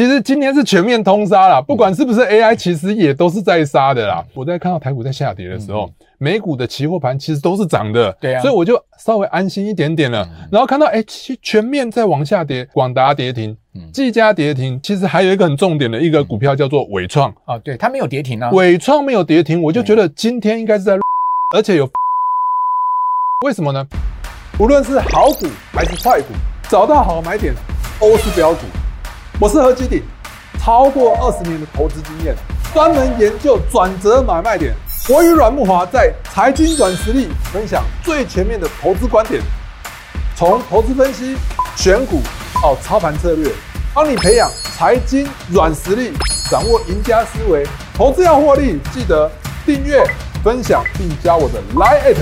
其實今天是全面通殺啦，不管是不是 AI，其實也都是在殺的啦。我在看到台股在下跌的時候，美股的期貨盤其實都是漲的，對呀，所以我就稍微安心一點點了。然後看到哎、欸，全面在往下跌，廣達跌停，嗯，技嘉跌停，其實還有一個很重點的一個股票叫做緯創啊，對，它沒有跌停啊，緯創沒有跌停，我就覺得今天應該是在，嗯、而且有，為什麼呢？無論是好股還是壞股，找到好買點都是飆股。我是何基鼎，超過二十年的投資經驗，專門研究轉折買賣點。我與阮木華在財經軟實力分享最全面的投資觀點，從投資分析、選股到操盤策略，幫你培養財經軟實力，掌握贏家思維。投資要獲利，記得訂閱、分享並加我的 Line@。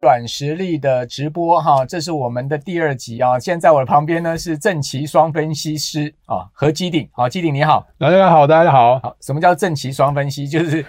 阮實力的直播哈，這是我們的第二集啊。現在我的旁邊呢是證期雙分析師啊，何基鼎。好，基鼎你好，大家好，大家好。好，什麼叫證期雙分析？就是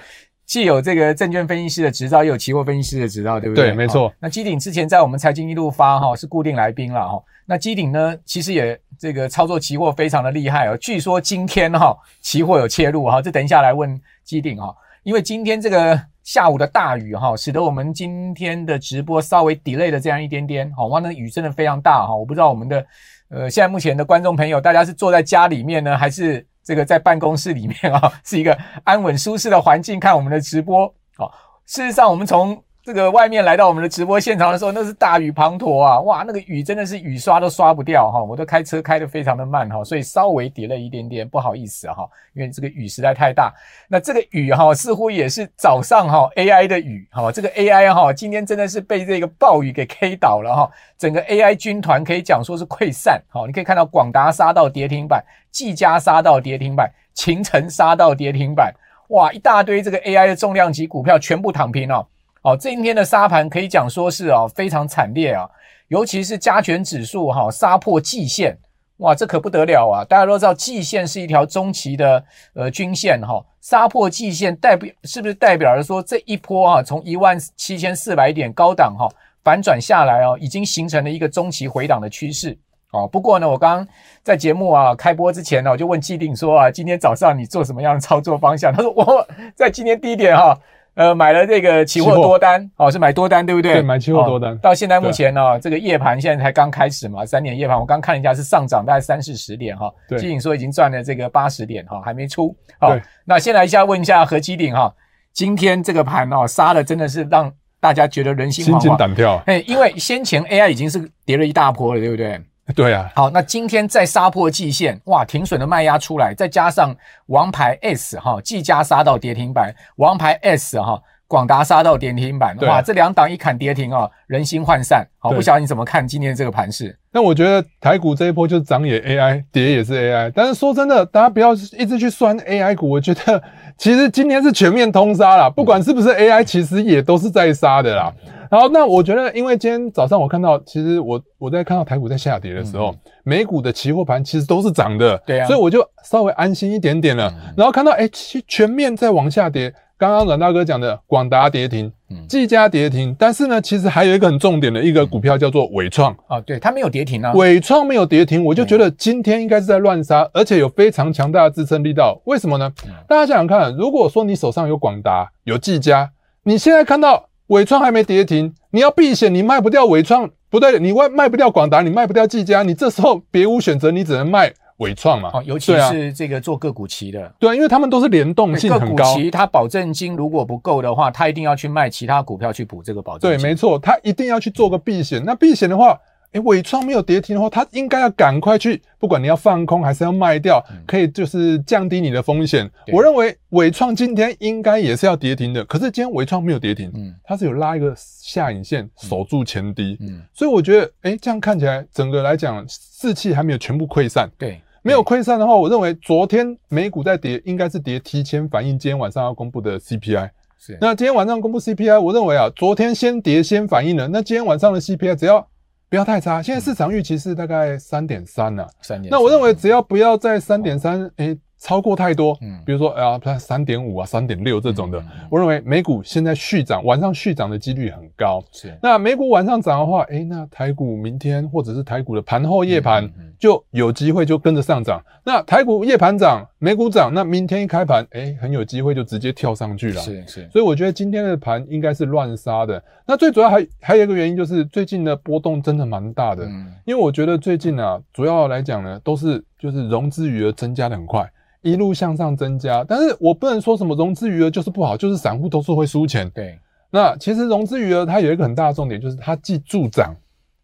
既有這個證券分析師的執照，又有期貨分析師的執照，對不對？對，沒錯。那基鼎之前在我們財經一路發哈是固定來賓了哈。那基鼎呢，其實也這個操作期貨非常的厲害啊。據說今天哈期貨有切入哈，這等一下來問基鼎哈，因為今天這個。下午的大雨哈，使得我們今天的直播稍微 delay 了這樣一點點。好，哇，那雨真的非常大哈，我不知道我們的呃現在目前的觀眾朋友，大家是坐在家裡面呢，還是這個在辦公室裡面啊，是一個安穩舒適的環境看我們的直播。好，事實上我們從。這個外面來到我們的直播現場的時候，那是大雨滂沱啊！哇，那個雨真的是雨刷都刷不掉哈、哦，我都開車開得非常的慢哈、哦，所以稍微跌了一點點，不好意思哈、哦，因為這個雨實在太大。那這個雨哈、哦，似乎也是早上哈、哦、AI 的雨哈、哦，這個 AI 哈、哦、今天真的是被這個暴雨給 K 倒了哈、哦，整個 AI 軍團可以講說是潰散。哈、哦，你可以看到廣達殺到跌停板，技嘉殺到跌停板，勤誠殺到跌停板，哇，一大堆這個 AI 的重量級股票全部躺平了。哦好，今、哦、天的沙盤可以講說是啊、哦、非常慘烈啊，尤其是加權指數哈殺、哦、破季線，哇，這可不得了啊！大家都知道季線是一條中期的呃均線哈，殺、哦、破季線代表是不是代表著說這一波啊從 17, 一萬七千四百點高檔哈、啊、反轉下來哦、啊，已經形成了一個中期回檔的趨勢。哦、不過呢，我剛剛在節目啊開播之前呢、啊，我就問基鼎說啊，今天早上你做什麼樣的操作方向？他說我在今天低點哈、啊。呃，買了這個期貨多單貨哦，是買多單對不對？對，買期貨多單、哦。到現在目前呢、哦，對這個夜盤現在才剛開始嘛，三點夜盤，我剛看了一下是上漲大概三四十點哈。基、哦、鼎對說已經賺了這個八十點哈，還沒出。哦、對，那先來一下問一下何基鼎哈，今天這個盤哦，殺的真的是讓大家覺得人心惶惶心驚膽跳。因為先前 AI 已經是跌了一大波了，對不對？對啊，好，那今天再殺破季線，哇，停損的賣壓出來，再加上王牌 S 哈，技嘉殺到跌停板，王牌 S 哈。廣達殺到跌停板對哇，這兩檔一砍跌停啊，哦，人心渙散。好，不曉得你怎麼看今天這個盤勢？那我覺得台股這一波就是漲也 AI，跌也是 AI。但是說真的，大家不要一直去算 AI 股。我覺得其實今天是全面通殺啦，不管是不是 AI，其實也都是在殺的啦。嗯，然後那我覺得，因為今天早上我看到，其實我我在看到台股在下跌的時候，美，嗯，股的期貨盤其實都是漲的，對啊。所以我就稍微安心一點點了。嗯，然後看到哎，欸，全面在往下跌。剛剛阮大哥講的廣達跌停，嗯，技嘉跌停，但是呢，其實還有一個很重點的一個股票叫做緯創啊，對，它沒有跌停啊，緯創沒有跌停，我就覺得今天應該是在亂殺，而且有非常強大的支撐力道，為什麼呢？大家想想看，如果說你手上有廣達，有技嘉，你現在看到緯創還沒跌停，你要避險，你賣不掉緯創，不對，你賣賣不掉廣達，你賣不掉技嘉，你這時候別無選擇，你只能賣。緯創嘛，哦、尤其是這個做個股期的，對，啊對，啊對啊，因為他們都是聯動性很高。個股期它保證金如果不夠的話，他一定要去賣其他股票去補這個保證金。對，沒錯，他一定要去做個避險。嗯、那避險的話，誒緯創沒有跌停的話，他應該要趕快去，不管你要放空還是要賣掉，嗯、可以就是降低你的風險。嗯、我認為緯創今天應該也是要跌停的，可是今天緯創沒有跌停，嗯，它是有拉一個下影線守住前低，嗯，所以我覺得、欸，誒這樣看起來整個來講士氣還沒有全部潰散，嗯、對。沒有潰散的話，我認為昨天美股在跌，應該是跌提前反映今天晚上要公布的 CPI。是，那今天晚上公布 CPI，我認為啊，昨天先跌先反映了。那今天晚上的 CPI，只要不要太差。現在市場預期是大概三點三呢。三點。那我認為只要不要在三點三，誒超過太多，嗯，比如說啊，它三點五啊，三點六這種的，嗯、我認為美股現在續漲，晚上續漲的幾率很高。是，那美股晚上漲的話，誒、欸、那台股明天或者是台股的盤後夜盤就有機會就跟着上漲。嗯嗯嗯、那台股夜盤漲，美股漲，那明天一開盤，誒、欸、很有機會就直接跳上去了。是是，所以我覺得今天的盤應該是亂殺的。那最主要還還有一個原因就是最近的波動真的蠻大的，嗯，因為我覺得最近啊，嗯、主要來講呢，都是就是融資餘額增加的很快。一路向上增加，但是我不能說什麼融資餘額就是不好，就是散戶都是會輸錢。對，那其實融資餘額它有一個很大的重點，就是它既助漲，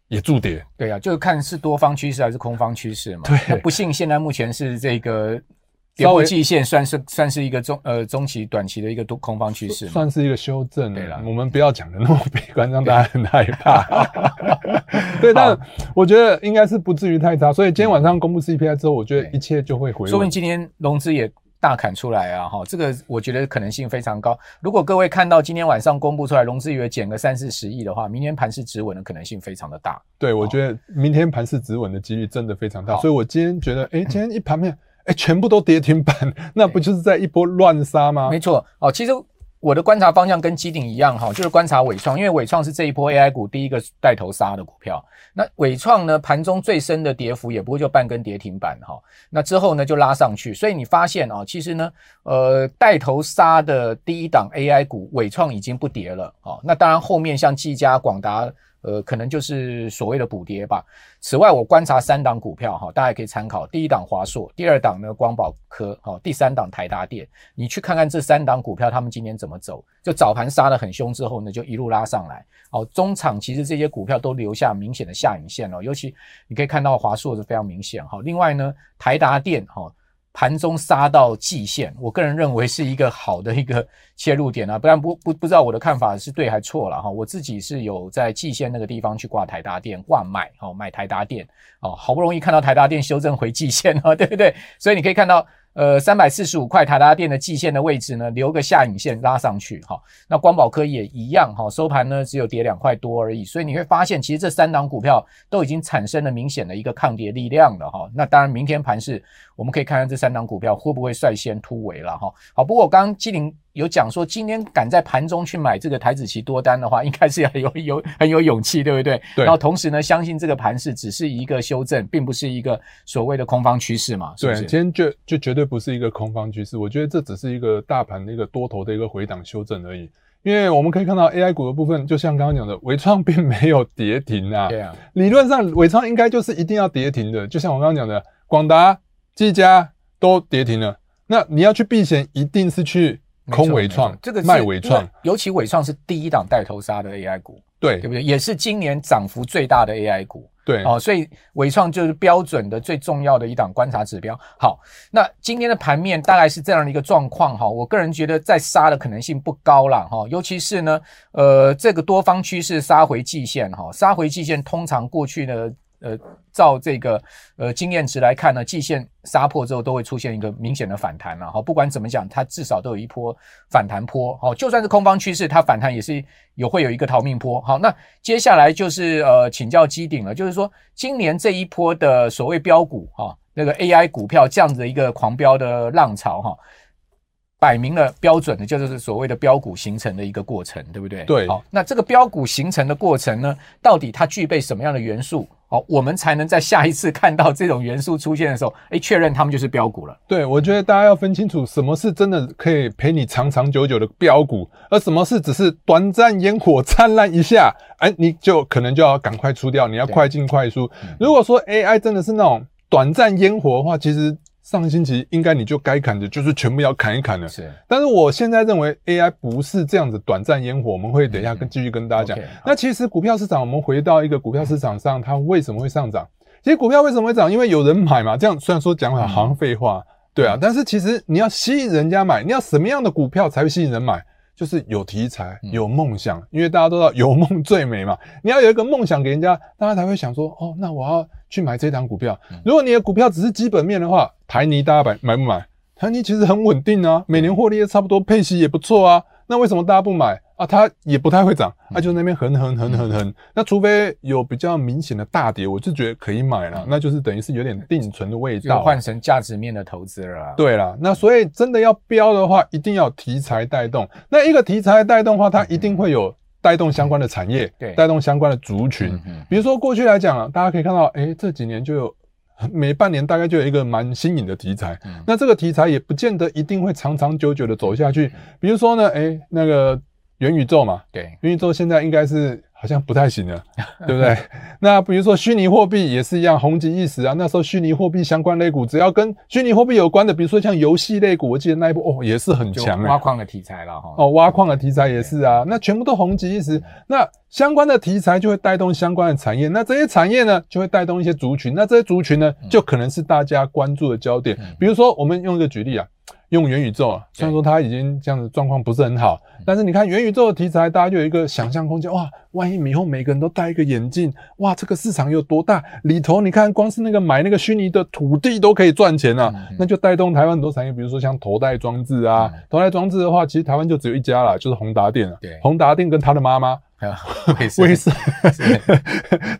也助跌。對啊，就是看是多方趨勢還是空方趨勢嘛。對，不幸現在目前是這個。 高微季線算是算是一個中呃中期短期的一個多空方趨勢，算是一個修正。對啦，我們不要講的那麼悲觀，讓大家很害怕。對, 對，但是我覺得應該是不至於太差。好所以今天晚上公布 CPI 之後，嗯、我覺得一切就會回。說明今天融資也大砍出來啊！哈，這個我覺得可能性非常高。如果各位看到今天晚上公布出來融資以為減個三四十億的話，明天盤勢止穩的可能性非常的大。對，我覺得明天盤勢止穩的幾率真的非常大。哦、所以我今天覺得，誒好、欸、今天一盤面。嗯全部都跌停板，那不就是在一波亂殺嗎？沒錯，哦，其實我的觀察方向跟基鼎一樣哈、哦，就是觀察緯創，因為緯創是這一波 AI 股第一個帶頭殺的股票。那緯創呢，盤中最深的跌幅也不過就半根跌停板哈、哦，那之後呢就拉上去。所以你發現啊、哦，其實呢，呃，帶頭殺的第一檔 AI 股緯創已經不跌了啊、哦。那當然，後面像技嘉、廣達。呃，可能就是所謂的補跌吧。此外，我觀察三檔股票哈，大家也可以參考。第一檔華碩，第二檔呢光寶科，哦，第三檔台達電。你去看看這三檔股票，他們今天怎麼走？就早盤殺得很兇之後呢，就一路拉上來。哦，中場其實這些股票都留下了明顯的下影線了，尤其你可以看到華碩是非常明顯。哦，另外呢台達電，哦盤中殺到季線，我個人認為是一個好的一個切入點啊，不然不不不知道我的看法是對還錯了哈。我自己是有在季線那個地方去掛台達電掛賣哦，買台達電哦，好不容易看到台達電修正回季線啊，哦，對不對？所以你可以看到。呃，三百四十五塊，台達電的季線的位置呢，留個下影線拉上去哈、哦。那光寶科也一樣哈、哦，收盤呢只有跌兩塊多而已，所以你會發現，其實這三檔股票都已經產生了明顯的一個抗跌力量了哈、哦。那當然，明天盤勢我們可以看看這三檔股票會不會率先突圍了哈、哦。好，不過我剛七零。有講說，今天敢在盤中去買這個台指期多單的話應該，應該是要有有很有勇氣，對不對？對。然後同時呢，相信這個盤勢只是一個修正，並不是一個所謂的空方趨勢嘛？是不是？對，今天就就絕對不是一個空方趨勢。我覺得這只是一個大盤的一個多頭的一個回檔修正而已。因為我們可以看到 AI 股的部分，就像剛剛講的，緯創並沒有跌停啊。啊理論上，緯創應該就是一定要跌停的。就像我剛剛講的，廣達、技嘉都跌停了，那你要去避險，一定是去。空緯創，這個賣緯創，尤其緯創是第一檔帶頭殺的 AI 股，對，對，對不對？也是今年漲幅最大的 AI 股，對，對哦，所以緯創就是標準的最重要的一檔觀察指標。好，那今天的盤面大概是這樣的一個狀況哈，我個人覺得再殺的可能性不高了哈，尤其是呢，呃，這個多方趨勢殺回季線哈，殺回季線通常過去呢。呃，照這個呃經驗值來看呢，季線殺破之後都會出現一個明顯的反彈了哈。不管怎麼講，它至少都有一波反彈波。好，就算是空方趨勢，它反彈也是有會有一個逃命波。好，那接下來就是呃請教基鼎了，就是說今年這一波的所謂飆股哈、哦，那個 AI 股票這樣子一個狂飆的浪潮哈。哦擺明了標準的，就是所謂的飆股形成的一個過程，對不對？對。好，哦，那這個飆股形成的過程呢，到底它具備什麼樣的元素？好，哦，我們才能在下一次看到這種元素出現的時候，哎，確認它們就是飆股了。對，我覺得大家要分清楚，什麼是真的可以陪你長長久久的飆股，而什麼是只是短暫煙火燦爛一下，哎、欸，你就可能就要趕快出掉，你要快進快出。對 如果說 AI 真的是那種短暫煙火的話，其實。上星期應該你就該砍的，就是全部要砍一砍了。是，但是我現在認為 AI 不是這樣子短暫煙火，我們會等一下跟繼續跟大家講。那其實股票市場，我們回到一個股票市場上，它為什麼會上漲？其實股票為什麼會上漲？因為有人買嘛。這樣雖然說講法好像廢話，對啊，但是其實你要吸引人家買，你要什麼樣的股票才會吸引人買？就是有題材、有夢想，因為大家都知道有夢最美嘛。你要有一個夢想給人家，大家才會想說：哦，那我要去買這檔股票。如果你的股票只是基本面的話，台泥大家買買不買？台泥其實很穩定啊，每年獲利也差不多，配息也不錯啊。那為什麼大家不買？啊，它也不太會漲，啊就是那邊橫橫橫橫橫。嗯、那除非有比較明顯的大跌，我就覺得可以買了。嗯、那就是等於是有點定存的味道，換成價值面的投資了啦。對啦，那所以真的要標的話，一定要題材帶動。那一個題材帶動的話，它一定會有帶動相關的產業，帶、嗯嗯、動相關的族群。對比如說過去來講、啊，大家可以看到，哎、欸，這幾年就有每半年大概就有一個蠻新穎的題材。嗯、那這個題材也不見得一定會長長久久的走下去。嗯嗯嗯嗯，比如說呢，哎、欸，那個。元宇宙嘛，對 Okay. 元宇宙現在應該是好像不太行了， 對不對？那比如說虛擬貨幣也是一樣，紅 極一時啊。那時候虛擬貨幣相關類股，只要跟虛擬貨幣有關的，比如說像遊戲類股，我記得那一部哦也是很強，挖礦的題材了哈、哦。哦，挖礦的題材也是啊，對那全部都紅極一時。嗯、那相關的題材就會帶動相關的產業，那這些產業呢就會帶動一些族群，那這些族群呢就可能是大家關注的焦點。嗯、比如說，我們用一個舉例啊。用元宇宙啊，雖然說他已經這樣子狀況不是很好，但是你看元宇宙的題材，大家就有一個想象空間。哇，萬一以後每個人都戴一個眼鏡，哇，這個市場有多大？裡頭你看，光是那個買那個虛擬的土地都可以賺錢啊。那就帶動台灣很多產業，比如說像頭戴裝置啊。頭戴裝置的話，其實台灣就只有一家了，就是宏達電。對，宏達電跟他的媽媽。啊， 威盛生笑，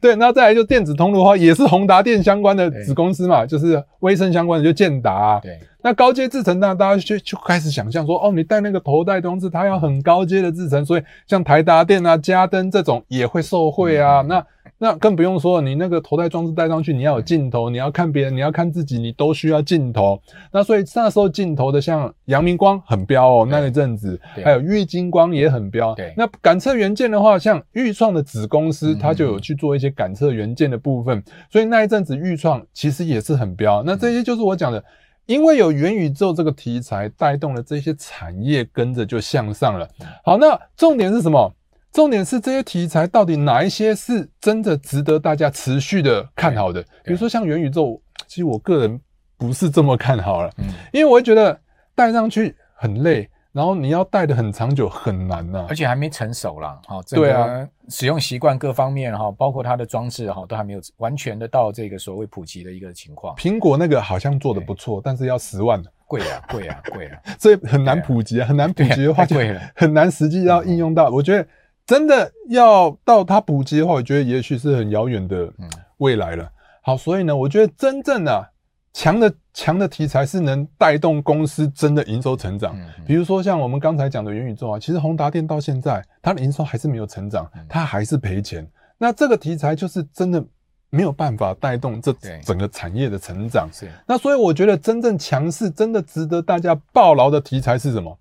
對，那再來就電子通路的話，也是宏達電相關的子公司嘛，對就是威盛相關的就建達。對，那高階製程，那大家就就開始想象說，哦，你戴那個頭戴裝置，它要很高階的製程，所以像台達電啊、佳登這種也會受惠啊，嗯嗯那。那更不用說，你那個頭戴裝置戴上去，你要有鏡頭，嗯、你要看別人，你要看自己，你都需要鏡頭。那所以那時候鏡頭的，像陽明光很彪很飆哦，對那一陣子，對還有玉晶光也很飆。對那感測元件的話，像玉創的子公司，它對就有去做一些感測元件的部分，嗯、所以那一陣子玉創其實也是很飆。那這些就是我講的，嗯、因為有元宇宙這個題材帶動了這些產業跟着就向上了。好，那重點是什麼？重點是這些題材到底哪一些是真的值得大家持續的看好的？比如說像元宇宙，其實我個人不是這麼看好了，因為我會覺得戴上去很累，然後你要戴的很長久很難吶，而且還沒成熟啦。哈，對啊，使用習慣各方面哈，包括它的裝置哈，都還沒有完全的到這個所謂普及的一個情況。蘋果那個好像做的不錯，但是要十萬，貴啊貴啊貴啊，這很難普及啊，很難普及的話就很難實際要應用到。我覺得。真的要到它普及的話，我覺得也許是很遙遠的嗯，未來了。好，所以呢，我覺得真正、啊、強的強的強的題材是能帶動公司真的營收成長。比如說像我們剛才講的元宇宙啊，其實宏達電到現在它的營收還是沒有成長，它還是賠錢。那這個題材就是真的沒有辦法帶動這整個產業的成長。是。那所以我覺得真正強勢、真的值得大家抱牢的題材是什麼？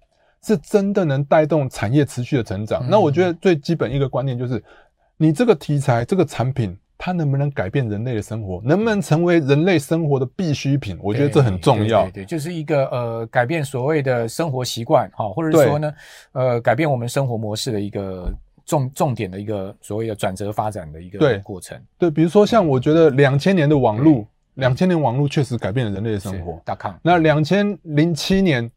是真的能帶動產業持續的成長，那我覺得最基本一個觀念就是，你這個題材，這個產品，它能不能改變人類的生活，能不能成為人類生活的必需品？我覺得這很重要。對，對，對，對，就是一個呃改變所謂的生活習慣，哈，或者說呢，對呃改變我們生活模式的一個重重點的一個所謂的轉折發展的一個過程對。對，比如說像我覺得兩千年的網絡，兩千對年網絡確實改變了人類的生活。大康對，那兩千零七年。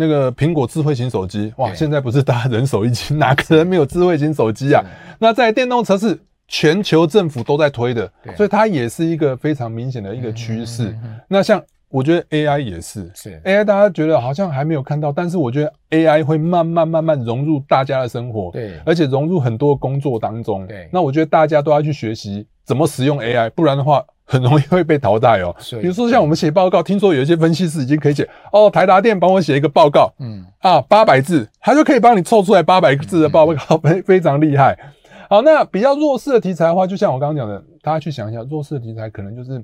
那個蘋果智慧型手機，哇，對現在不是大家人手一機，哪個人沒有智慧型手機啊？的那在電動車是全球政府都在推的，對所以它也是一個非常明顯的一個趨勢。嗯嗯嗯嗯，那像我覺得 A I 也是，是的 A I 大家覺得好像還沒有看到，但是我覺得 A I 會慢慢慢慢融入大家的生活，對，而且融入很多工作當中，對。那我覺得大家都要去學習怎麼使用 A I，不然的話。很容易會被淘汰哦。比如說，像我們寫報告，聽說有一些分析師已經可以寫哦，台達電幫我寫一個報告，嗯啊，八百字，他就可以幫你湊出來八百字的報告，非非常厲害。好，那比較弱勢的題材的話，就像我剛剛講的，大家去想一下，弱勢的題材可能就是。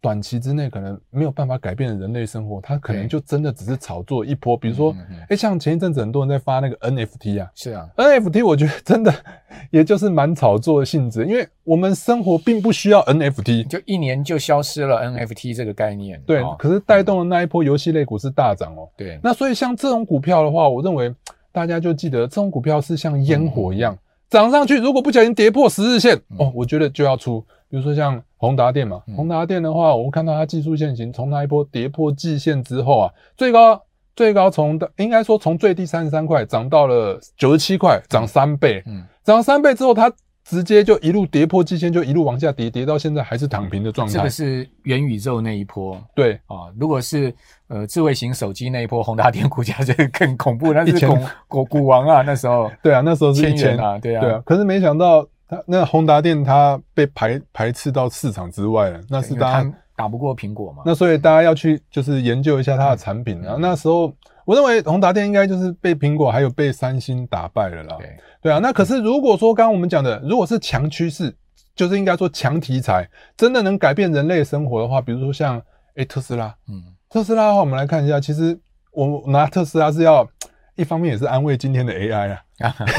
短期之內可能沒有辦法改變人類生活，它可能就真的只是炒作一波。比如說，哎、嗯嗯嗯欸，像前一陣子很多人在發那個 NFT 啊，是啊，NFT 我覺得真的也就是蠻炒作的性質，因為我們生活並不需要 NFT，就一年就消失了 NFT 這個概念。對，哦、可是帶動的那一波遊戲類股是大漲哦、喔。對、嗯嗯，那所以像這種股票的話，我認為大家就記得，這種股票是像煙火一樣漲、嗯、哼上去，如果不小心跌破十日線、嗯、哦，我覺得就要出。比如說像宏達電嘛，宏達電的話，我們看到它技術線型，從那一波跌破季線之後啊，最高最高從應該說從最低三十三塊漲到了九十七塊，漲三倍，嗯，漲三倍之後，它直接就一路跌破季線，就一路往下跌，跌到現在還是躺平的狀態。嗯。這個是元宇宙那一波，對啊，如果是呃智慧型手機那一波，宏達電股價就更恐怖，那是股股股王啊，那時候，對啊，那時候是千元啊，前前對啊，前對啊，可是沒想到。那那宏達電，他被排排斥到市場之外了，那是他打不過蘋果嘛？那所以大家要去就是研究一下它的產品，啊。然後、嗯、那時候，我認為宏達電應該就是被蘋果還有被三星打敗了啦。嗯、對啊，那可是如果說剛剛我們講的，如果是強趨勢，就是應該說強題材，真的能改變人類生活的話，比如說像哎、欸、特斯拉，嗯，特斯拉的話，我們來看一下，其實我拿特斯拉是要一方面也是安慰今天的 AI 啦，啊呵呵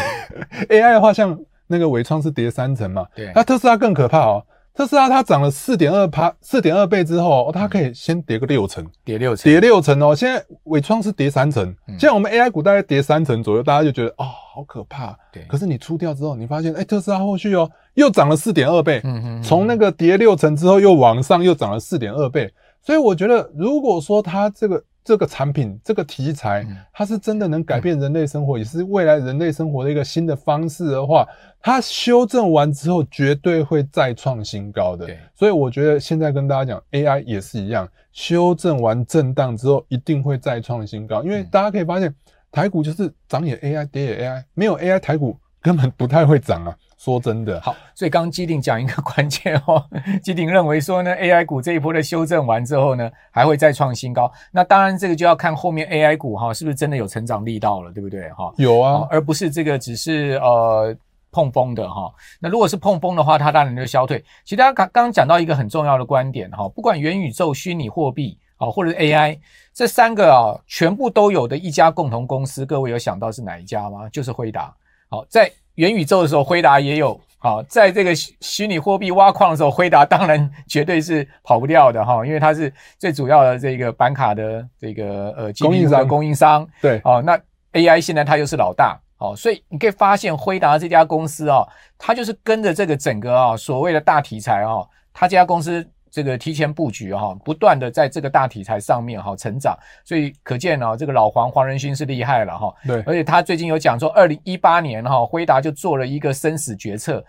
，AI 的話像。那個緯創是跌三成嘛？對，那特斯拉更可怕哦。特斯拉它漲了四點二趴，四點二倍之後、哦，它可以先跌個六成，跌六成，跌六成哦。現在緯創是跌三成，嗯、現在我們 AI 股大概跌三成左右，大家就覺得哦，好可怕。對，可是你出掉之後，你發現誒特斯拉後續哦又漲了四點二倍，嗯哼嗯哼，從那個跌六成之後又往上又漲了四點二倍。所以我覺得，如果說它這個這個產品這個題材，它是真的能改變人類生活，嗯、也是未來人類生活的一個新的方式的話，它修正完之後，絕對會再創新高的。Okay. 所以我覺得現在跟大家講，AI 也是一樣，修正完震盪之後，一定會再創新高。因為大家可以發現，台股就是漲也 AI，跌也 AI，沒有 AI 台股。根本不太會漲啊，說真的。好，所以剛剛基鼎講一個關鍵哦，基鼎認為說呢，AI 股這一波的修正完之後呢，還會再創新高。那當然這個就要看後面 AI 股，哈是不是真的有成長力道了，對不對哈？有啊，而不是這個只是呃膨風的，哈。那如果是膨風的話，它當然就消退。其實大家剛剛講到一個很重要的觀點哈，不管元宇宙、虛擬貨幣啊，或者是 AI，這三個啊全部都有的一家共同公司，各位有想到是哪一家嗎？就是輝達。好，在元宇宙的時候，輝達也有；好，在這個虛擬貨幣挖礦的時候，輝達當然絕對是跑不掉的哈，因為它是最主要的這個板卡的這個呃供應商。供應商對，哦，那 AI 現在它又是老大，哦，所以你可以發現，輝達這家公司哦，它就是跟着這個整個啊所謂的大題材哦，它這家公司。這個提前布局哈、啊，不斷的在這個大題材上面哈、啊、成長，所以可見呢、啊，這個老黃黃仁勳是厲害了哈、啊。對 而且他最近有講說，二零一八年哈，輝達就做了一個生死決策，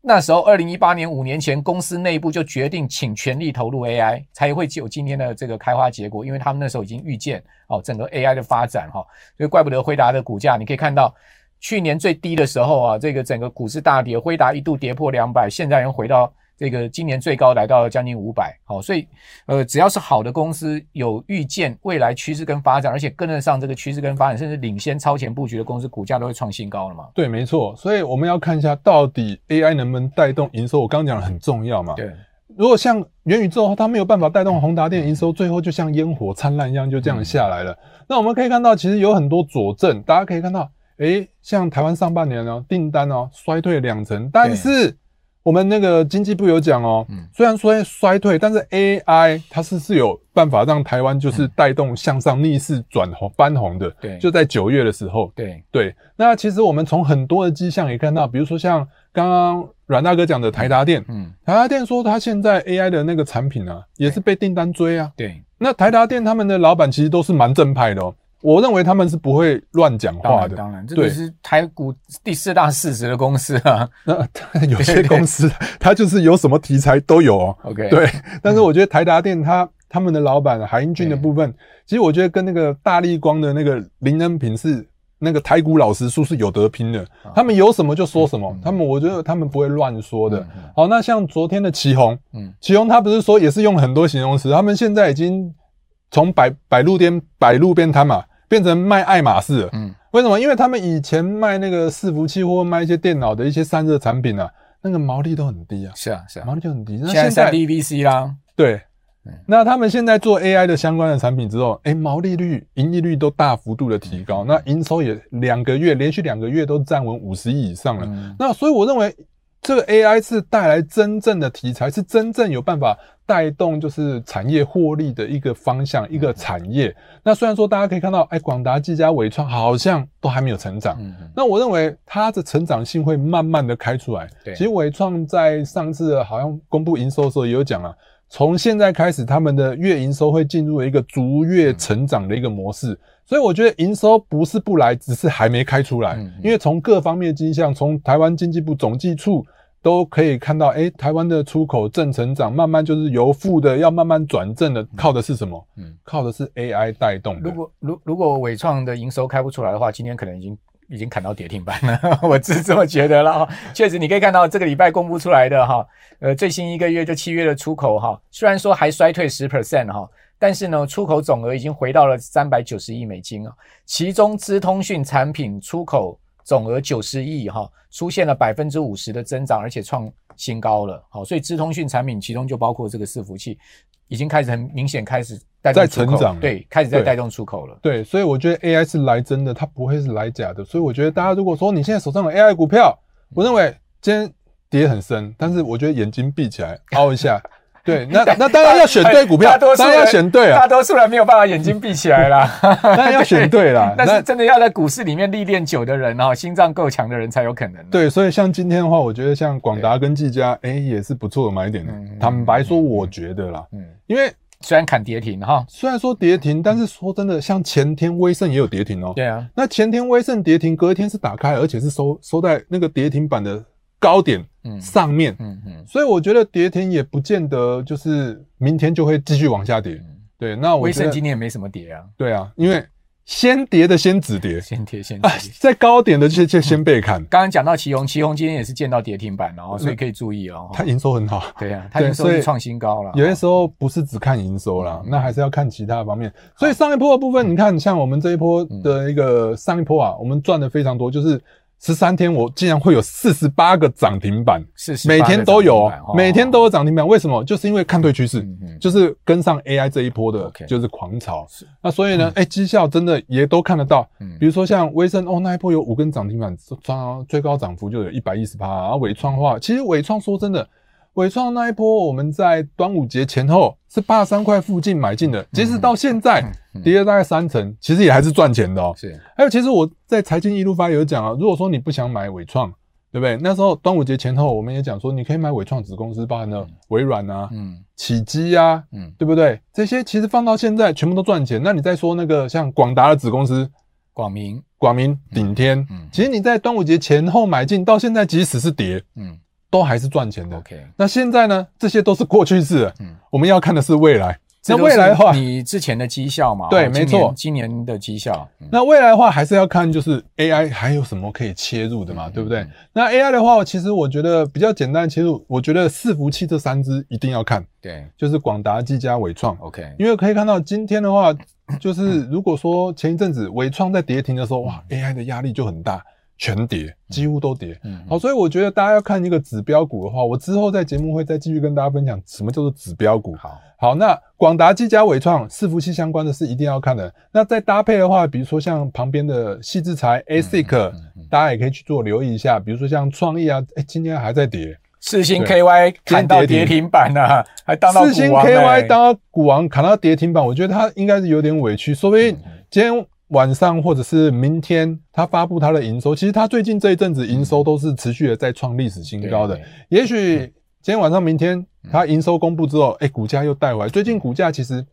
那時候二零一八年五年前，公司內部就決定請全力投入 AI，才會有今天的這個開花結果，因為他們那時候已經預見哦、啊、整個 AI 的發展哈、啊，所以怪不得輝達的股價，你可以看到去年最低的時候啊，這個整個股市大跌，輝達一度跌破兩百，現在又回到。這個今年最高來到了將近五百，好，所以，呃，只要是好的公司有預見未來趨勢跟發展，而且跟得上這個趨勢跟發展，甚至領先超前布局的公司，股價都會創新高了嘛？對，沒錯。所以我們要看一下到底 AI 能不能帶動營收。我剛剛講的很重要嘛？對。如果像元宇宙，它沒有辦法帶動宏達電營收，最後就像煙火燦爛一樣，就這樣下來了。嗯、那我們可以看到，其實有很多佐證。大家可以看到，誒像台灣上半年呢、哦，訂單哦衰退了兩成，但是。我們那個經濟部有講哦，嗯、雖然說衰退，但是 AI 它是是有辦法讓台灣就是帶動向上逆勢轉紅翻、嗯、紅的。對，就在九月的時候，對對。對那其實我們從很多的跡象也看到，比如說像剛剛阮大哥講的台達電，嗯，台達電說他現在 AI 的那個產品啊，對也是被訂單追啊。對，那台達電他們的老闆其實都是蠻正派的哦。我認為他們是不會亂講話的，當然，當然，這是台股第四大市值的公司啊。那有些公司，它就是有什麼題材都有哦。OK，對。但是我覺得台達電他他們的老闆海英俊的部分，其實我覺得跟那個大立光的那個林恩平是那個台股老實樹是有得拼的。他們有什麼就說什麼，他們我覺得他們不會亂說的。好，那像昨天的奇鋐，奇鋐他不是說也是用很多形容詞，他們現在已經從擺擺路邊擺路邊攤嘛。變成賣愛馬仕了，嗯，為什麼？因為他們以前賣那個伺服器或賣一些電腦的一些散熱產品啊，那個毛利都很低啊，是啊是啊，是啊毛利就很低。那現在，現在是 DVC 啦，對，那他們現在做 AI 的相關的產品之後，誒、欸、毛利率、盈利率都大幅度的提高，嗯、那營收也兩個月連續兩個月都站穩五十億以上了，嗯、那所以我認為。這個 AI 是帶來真正的題材，是真正有辦法帶動就是產業獲利的一個方向，一個產業。嗯、哼那雖然說大家可以看到，哎，廣達、技嘉、緯創好像都還沒有成長，嗯、哼那我認為它的成長性會慢慢的開出來。嗯、哼其實緯創在上次好像公布營收的時候也有講了、啊。從現在開始，他們的月營收會進入一個逐月成長的一個模式，所以我覺得營收不是不來，只是還沒開出來。因為從各方面跡象，從台灣經濟部統計處都可以看到、欸，誒台灣的出口正成長，慢慢就是由負的要慢慢轉正的，靠的是什麼？嗯，靠的是 AI 帶動的如。如果如如果緯創的營收開不出來的話，今天可能已經。已經砍到跌停板了， 我是這麼覺得了哈。確實，你可以看到這個禮拜公布出來的哈、哦，呃，最新一個月就七月的出口哈、哦，雖然說還衰退十 percent 哈，哦，但是呢，出口總額已經回到了三百九十億美金啊、哦，其中資通訊產品出口總額九十億哈，出現了百分之五十的增長，而且創。新高了，好，所以資通訊產品其中就包括這個伺服器，已經開始很明顯開始帶動出口，在成長了，對，開始在帶動出口了。對，對，所以我覺得 A I 是來真的，它不會是來假的。所以我覺得大家如果說你現在手上有 A I 股票，我認為今天跌很深，但是我覺得眼睛閉起來，凹一下。 對，那那當然要選對股票，當然要選對啊，大多數人沒有辦法眼睛閉起來啦，當然要選對啦。但是真的要在股市裡面歷練久的人哈，心臟夠強的人才有可能。對，所以像今天的話，我覺得像廣達跟技嘉，誒，也是不錯的買點。坦白說，我覺得啦，嗯，因為雖然砍跌停哈，雖然說跌停，但是說真的，像前天威盛也有跌停哦。對啊，那前天威盛跌停，隔一天是打開，而且是收收在那個跌停板的。高點，嗯，上面，嗯嗯，所以我覺得跌停也不見得就是明天就會繼續往下跌，對。那我，威盛今天也沒什麼跌啊，對啊，因為先跌的先止跌，先跌先止跌，在高點的就就先被砍。剛剛講到齊紅，齊紅今天也是見到跌停板，然後所以可以注意哦，它營收很好，對啊，它營收創新高了。有些時候不是只看營收啦，那還是要看其他的方面。所以上一波的部分，你看像我們這一波的一個上一波啊，我們賺的非常多，就是。十三天，我竟然會有四十八個漲停板，是每天都有，哦、每天都有漲停板。哦、為什麼？就是因為看對趨勢，嗯嗯、就是跟上 AI 這一波的，就是狂潮。嗯、那所以呢，誒績、嗯欸、效真的也都看得到。嗯、比如說像威盛，哦，那一波有五根漲停板，最高漲幅就有一百一十趴。啊，緯、啊、創的話，其實緯創說真的。緯創那一波，我們在端午節前後是八十三塊附近買進的，即使到現在跌了大概三成，嗯嗯嗯其實也還是賺錢的哦。是。還有，其實我在財經一路發言有講啊，如果說你不想買緯創，對不對？那時候端午節前後，我們也講說，你可以買緯創子公司，包含了緯軟啊、嗯，啟碁啊，嗯，對不對？這些其實放到現在全部都賺錢。那你再說那個像廣達的子公司，廣明民、廣明頂天，嗯，嗯，嗯、其實你在端午節前後買進，到現在即使是跌，嗯，嗯。嗯都還是賺錢的。OK，那現在呢？這些都是過去式了。嗯，我們要看的是未來。那未來的話，你之前的績效嘛？對，沒錯，今年的績效。嗯、那未來的話，還是要看就是 AI 還有什麼可以切入的嘛？嗯、對不對？嗯、那 AI 的話，其實我覺得比較簡單切入，我覺得伺服器這三只一定要看。對，就是廣達、技嘉、緯創。嗯、OK，因為可以看到今天的話，就是如果說前一陣子緯創在跌停的時候，嗯、哇，AI 的壓力就很大。全跌，幾乎都跌。嗯、嗯，好，所以我覺得大家要看一個指標股的話，我之後在節目會再繼續跟大家分享什麼叫做指標股。好，好，那廣達、技嘉、緯創、伺服器相關的是一定要看的。那再搭配的話，比如說像旁邊的矽智財 ASIC，大家也可以去做留意一下。比如說像創意啊，哎、欸，今天還在跌，四星 KY 看到跌停板了，還當四星 KY 當到股王，砍到跌停板，我覺得他應該是有點委屈。說不定今天晚上或者是明天，他發布他的營收。其實他最近這一陣子營收都是持續的在創歷史新高的。也許今天晚上、明天他營收公布之後，哎，股價又帶回來。最近股價其實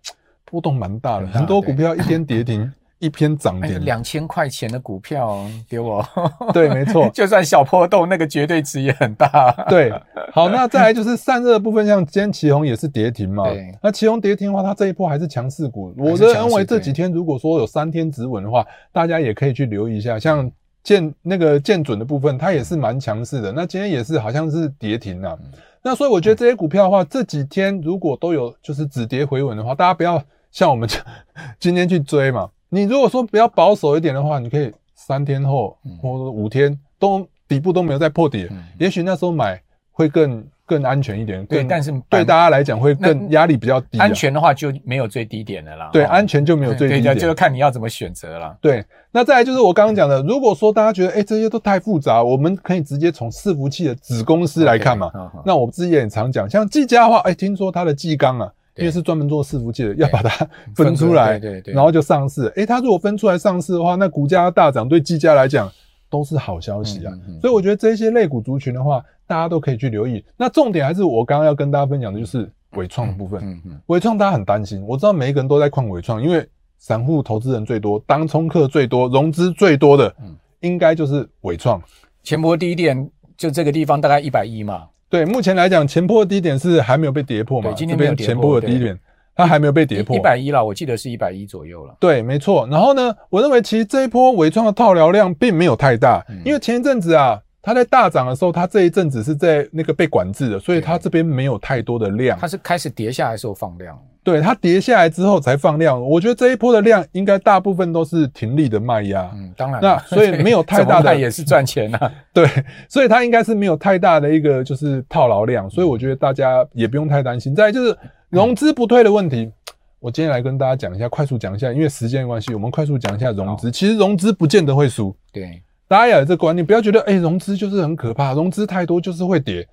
波動蠻大的，很多股票一天跌停。大一篇漲停，兩千塊錢的股票給我， 對，沒錯 錯， 就算小波動，那個絕對值也很大。 對，好，那再來就是散熱的部分，像今天奇鋐也是跌停嘛，對，那奇鋐跌停的話，它這一波還是強勢股。我認為這幾天如果說有三天止穩的話，大家也可以去留意一下，像建那個建準的部分，它也是蠻強勢的。那今天也是好像是跌停啊，那所以我覺得這些股票的話，這幾天如果都有就是止跌回穩的話，大家不要像我們今天去追嘛。你如果說比較保守一點的話，你可以三天後或者五天都底部都沒有再破底，也許那時候買會更更安全一點。對，但是對大家來講會更壓力比較低。安全的話就沒有最低點的啦。對，安全就沒有最低點。對，對，就是看你要怎麼選擇啦。對，那再來就是我剛剛講的，如果說大家覺得誒、哎、這些都太複雜，我們可以直接從伺服器的子公司來看嘛。那我之前也很常講，像技嘉的話，誒聽說它的技鋼啊。因為是專門做伺服器的。對 要把它分出來，對 然後就上市。哎、欸，它如果分出來上市的話，那股價大漲對技嘉來講都是好消息啊。嗯嗯嗯，所以我覺得這些類股族群的話，大家都可以去留意。那重點還是我剛剛要跟大家分享的就是緯創的部分。緯創、嗯嗯嗯嗯嗯、大家很擔心，我知道每一個人都在看緯創，因為散戶投資人最多，當沖客最多，融資最多的應該就是緯創。前波低點就這個地方，大概一百一嘛。對，目前來講，前波的低點是還沒有被跌破嘛？對，今天這邊前波的低點對它還沒有被跌破，一百一了，我記得是一百一左右了。對，沒錯。然後呢，我認為其實這一波微創的套牢量並沒有太大，嗯、因為前一陣子啊，它在大漲的時候，它這一陣子是在那個被管制的，所以它這邊沒有太多的量。它是開始跌下來的時候放量。對，它跌下來之後才放量，我覺得這一波的量應該大部分都是停利的賣壓。嗯，當然。那所以沒有太大的也是賺錢了、啊。對，所以它應該是沒有太大的一個就是套牢量，嗯、所以我覺得大家也不用太擔心。再來就是融資不退的問題，嗯、我今天來跟大家講一下，快速講一下，因為時間關係，我們快速講一下融資。哦、其實融資不見得會輸。對，大家有這個觀念，不要覺得哎融資就是很可怕，融資太多就是會跌。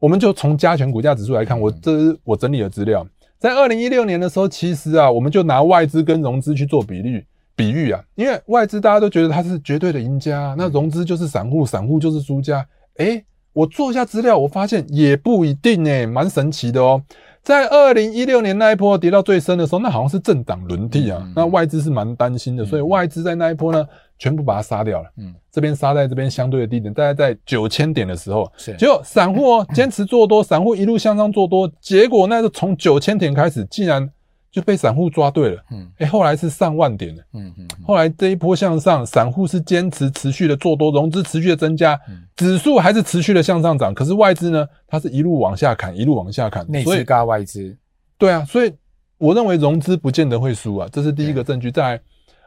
我們就從加權股價指數來看，嗯、我這是我整理的資料。在二零一六年的時候，其實啊，我們就拿外資跟融資去做比率比喻啊，因為外資大家都覺得它是絕對的贏家啊，那融資就是散戶，散戶就是輸家，欸。誒我做一下資料，我發現也不一定哎，蠻神奇的哦。在二零一六年那一波跌到最深的時候，那好像是政黨輪替啊，那外資是蠻擔心的，所以外資在那一波呢。全部把它殺掉了。嗯，這邊殺在這邊相對的低點，大概在九千點的時候，結果散戶哦堅持做多，散戶一路向上做多，結果那個從九千點開始，竟然就被散戶抓對了。嗯，誒後來是上萬點了。嗯嗯，後來這一波向上，散戶是堅持持續的做多，融資持續的增加，指數還是持續的向上漲。可是外資呢，它是一路往下砍，一路往下砍。內資加外資。對啊，所以我認為融資不見得會輸啊，這是第一個證據。再來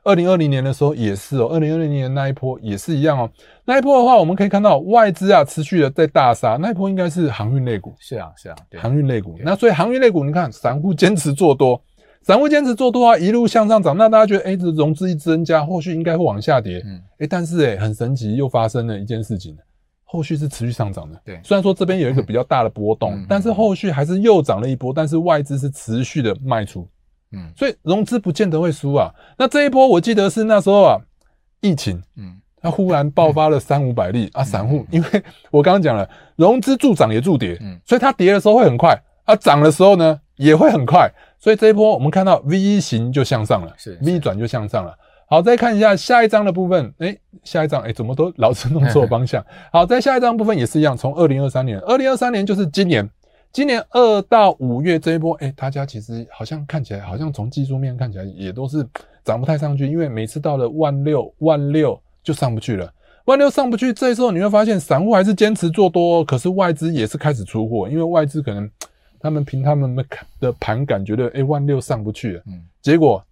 二零二零年的時候也是哦，二零二零年的那一波也是一樣哦、喔。那一波的話，我們可以看到外資啊持續的在大殺。那一波應該是航運類股，是啊是啊，航運類股。那所以航運類股，你看散戶堅持做多，散戶堅持做多啊，一路向上漲。那大家覺得、欸，誒這融資一增加，後續應該會往下跌。嗯，哎，但是誒、欸、很神奇，又發生了一件事情，後續是持續上漲的。對，雖然說這邊有一個比較大的波動，但是後續還是又漲了一波。但是外資是持續的賣出。嗯，所以融資不見得會輸啊。那這一波，我記得是那時候啊，疫情，嗯，它忽然爆發了三五百例啊。散戶，因為我剛剛講了，融資助漲也助跌，嗯，所以它跌的時候會很快啊，它漲的時候呢也會很快。所以這一波我們看到 V 型就向上了，是 V 轉就向上了。好，再看一下下一張的部分，誒，下一張誒、欸，怎麼都老是弄錯方向？好，在下一張部分也是一樣，從二零二三年，二零二三年就是今年。今年二到五月這一波，哎、欸，大家其實好像看起來，好像從技術面看起來也都是漲不太上去，因為每次到了萬六萬六就上不去了，萬六上不去，這時候你會發現散戶還是堅持做多，可是外資也是開始出貨，因為外資可能他們憑他們的的盤感覺得，哎、欸，萬六上不去了，嗯，結果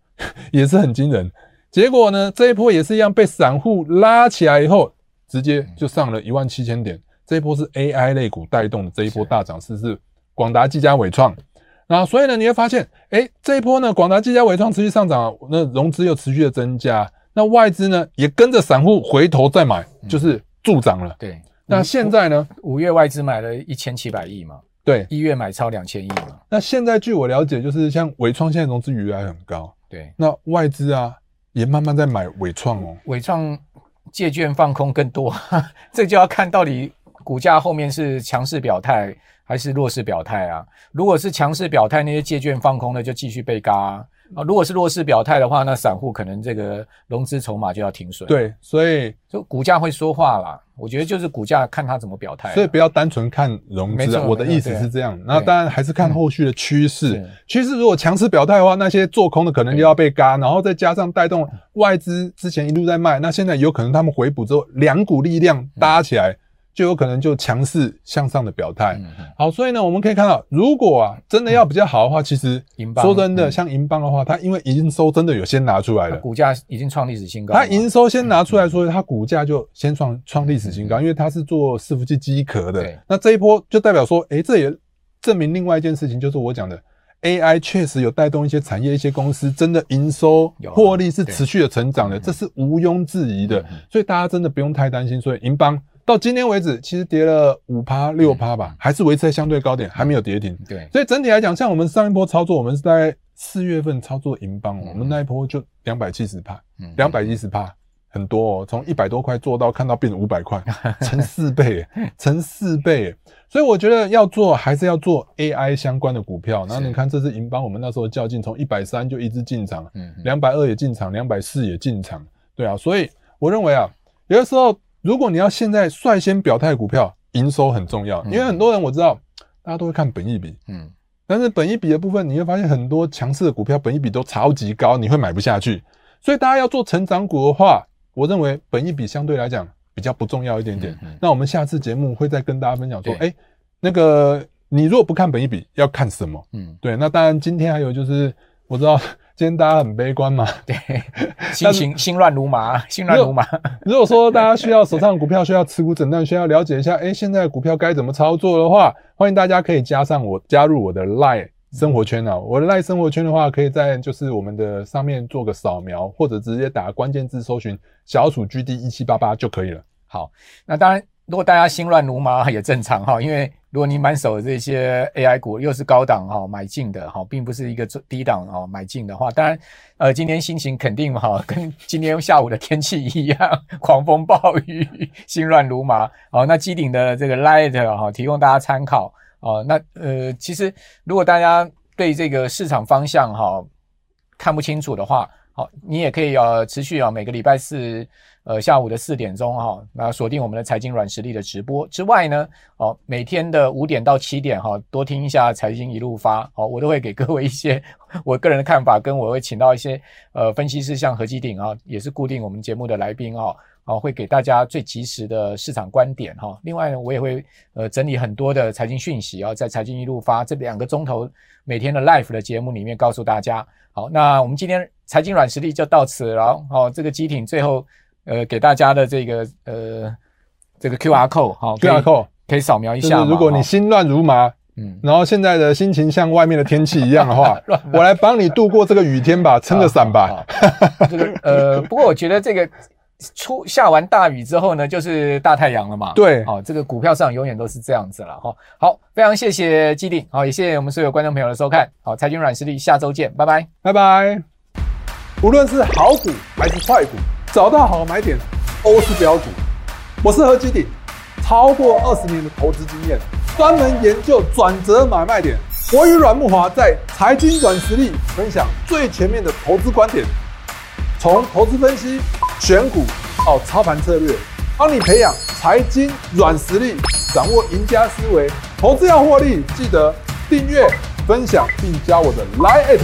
也是很驚人，結果呢這一波也是一樣被散戶拉起來以後，直接就上了一萬七千點，嗯、這一波是 AI 類股帶動的這一波大漲，是的。是廣達、技嘉、緯創，那所以呢，你會發現，誒、欸、這一波呢，廣達、技嘉、緯創持續上漲，那融資又持續的增加，那外資呢也跟着散戶回頭再買，嗯、就是助漲了。對，那現在呢，嗯、五,五月外資買了一千七百億嘛，對，一月買超兩千億嘛。那現在據我了解，就是像緯創現在融資餘額還很高，對，那外資啊也慢慢在買緯創哦，緯創借券放空更多， 這就要看到底。 股價後面是強勢表態還是弱勢表態啊？如果是強勢表態，那些借券放空的就繼續被軋啊、啊；如果是弱勢表態的話，那散戶可能這個融資籌碼就要停損。對，所以就股價會說話啦。我覺得就是股價看它怎麼表態、啊。所以不要單純看融資、啊，錯我的意思是這樣。那當然還是看後續的趨勢。趨勢、嗯、如果強勢表態的話，那些做空的可能就要被軋，對然後再加上帶動外資之前一路在賣，那現在有可能他們回補之後，兩股力量搭起來。嗯就有可能就強勢向上的表態，好，所以呢，我們可以看到，如果啊真的要比較好的話，其實說真的，像銀邦的話，它因為營收真的有先拿出來了，股價已經創歷史新高。它營收先拿出來說，它股價就先創創歷史新高，因為它是做伺服器機殼的。那這一波就代表說，欸，誒這也證明另外一件事情，就是我講的 AI 確實有帶動一些產業、一些公司真的營收獲利是持續的成長的，這是毋庸置疑的。所以大家真的不用太擔心，所以銀邦。到今天為止，其實跌了五趴六趴吧，還是維持在相對高點，還沒有跌停。對，所以整體來講，像我們上一波操作，我們是在四月份操作銀邦，我們那一波就兩百七十趴，兩百一十趴，很多哦，從一百多塊做到看到變成五百塊，成四倍、欸，成四倍、欸。所以我覺得要做還是要做 AI 相關的股票。然後你看這支銀邦，我們那時候較勁，從一百三就一直進場，兩百二也進場，兩百四也進場。對啊，所以我認為啊，有的時候。如果你要現在率先表態，股票營收很重要，因為很多人我知道，嗯、哼大家都會看本益比，嗯，但是本益比的部分你會發現很多強勢的股票本益比都超級高，你會買不下去。所以大家要做成長股的話，我認為本益比相對來講比較不重要一點點。嗯、哼那我們下次節目會再跟大家分享說，誒、欸欸、那個你如果不看本益比要看什麼？嗯，對，那當然今天還有就是。我知道今天大家很悲觀嘛，對，心情心亂如麻，心亂如麻。如果說大家需要手上的股票需要持股診斷，需要了解一下，哎，現在股票該怎麼操作的話，歡迎大家可以加上我，加入我的 LINE 生活圈啊。我的 LINE 生活圈的話，可以在就是我們的上面做個掃描，或者直接打關鍵字搜尋小鼠 GD 1788就可以了。好，那當然。如果大家心亂如麻也正常哈，因為如果你滿手這些 AI 股又是高檔哈買進的哈，並不是一個低檔啊買進的話，當然，呃，今天心情肯定哈跟今天下午的天氣一樣狂風暴雨，心亂如麻。好，那基鼎的這個 light 哈提供大家參考。哦，那呃，其實如果大家對這個市場方向哈看不清楚的話，好，你也可以要持續啊，每個禮拜四。呃，下午的四點鐘哈、啊，那鎖定我們的財經阮實力的直播之外呢，好、啊，每天的五點到七點哈、啊，多聽一下財經一路發，好、啊，我都會給各位一些我個人的看法，跟我會請到一些呃分析師，像何基鼎啊，也是固定我們節目的來賓啊，好、啊，會給大家最及時的市場觀點哈、啊。另外呢，我也會呃整理很多的財經訊息啊，在財經一路發這兩個鐘頭每天的 live 的節目裡面告訴大家。好，那我們今天財經阮實力就到此了，好，這個基鼎最後。呃，給大家的這個呃，這個 Q R code，好，Q R code 可以掃 code 描一下。如果你心亂如麻，嗯，然後現在的心情像外面的天氣一樣的話， 亂打 我來幫你度過這個雨天吧，撐着傘吧。哈哈呃，不過我覺得這個出下完大雨之後呢，就是大太陽了嘛。對，好、喔，這個股票市場永遠都是這樣子了哈、喔。好，非常謝謝基鼎，好、喔，也謝謝我們所有觀眾朋友的收看。好，財經阮實力，下周見，拜拜，拜拜。無論是好股還是壞股。找到好買點，歐式標準。我是何基鼎，超過二十年的投資經驗，專門研究轉折買賣點。我與阮木華在財經阮實力分享最全面的投資觀點，從投資分析、選股到操盤策略，幫你培養財經軟實力，掌握贏家思維。投資要獲利，記得訂閱、分享並加我的 Line 艾特。